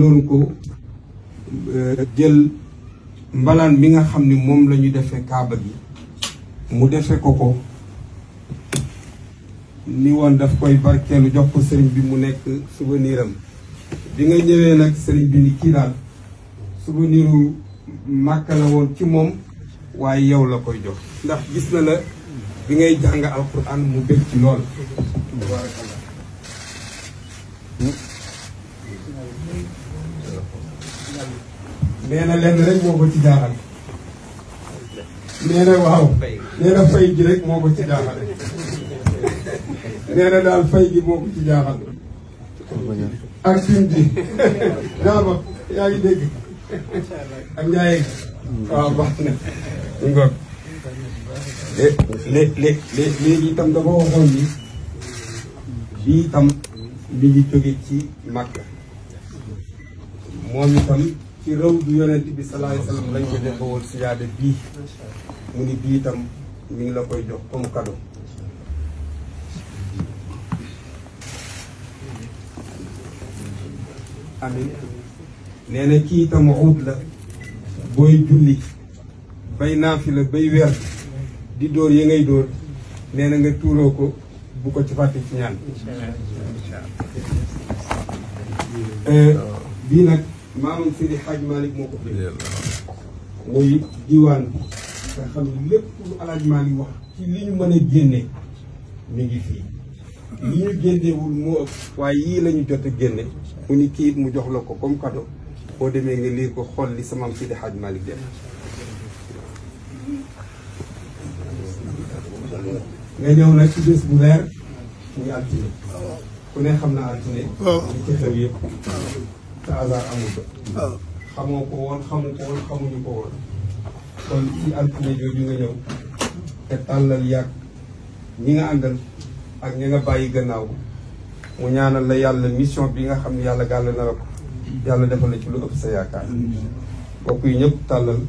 loolu ko euh, jël mbalaan bi nga xam ni moom la ñu defee kaaba gi mu defee ko ko ni woon daf koy barkeelu jox ko sëriñ bi mu nekk souvenir bi nga ñëwee nag sëriñ bi ni kii daal souveniru màkka woon ci moom waaye yow la koy jox ndax gis na la bi ngay jàng alquran mu bég lool nee na rek moo ko ci jaaxal nee na waaw nee rek moo ko ci jaaxal nee daal fay gi moo ko ci jaaxal ak sim ji daa ba yaa ngi dégg ak njaaye waaw baax na ngor eh, lé lé léegi itam dafa waxoon ni bii itam mi ngi jóge ci Makka moom itam ci raw du yonent bi salaay salaam lañ ko joxe woon siyaade bii mu itam mi ngi la koy jox comme cadeau amin nee na kii itam xuut la bay naafi la bay weer di dóor ya ngay dóor nee na nga tuuroo ko bu ko ci fàtte ci ñaan eh, bii maamam Seydi Hadj Malick moo ko firi diwaan bi nga xam ne lépp lu alaaj Malick wax ci li ñu mën a génne mi ngi fii li ñu génnewul moo waaye yii la jot a génne mu ni kii mu jox la ko comme cadeau koo demee nga lii ko xool li sa maam Seydi Hadj Malick def nga ñëw nag ci bés bu leer muy altine ku ne xam naa altine oh. li ci xew yëpp te hasard amul. Ah. xamoo ko woon xamu woon xamuñu ko woon. kon ci altine jooju nga ñëw te tàllal yàgg ñi nga àndal ak ñi nga bàyyi gannaaw mu ñaanal la yàlla mission bi nga xam ne yàlla gàll na la ko yàlla defal la ci lu ëpp sa yaakaar mbokk yi ñëpp tàllal.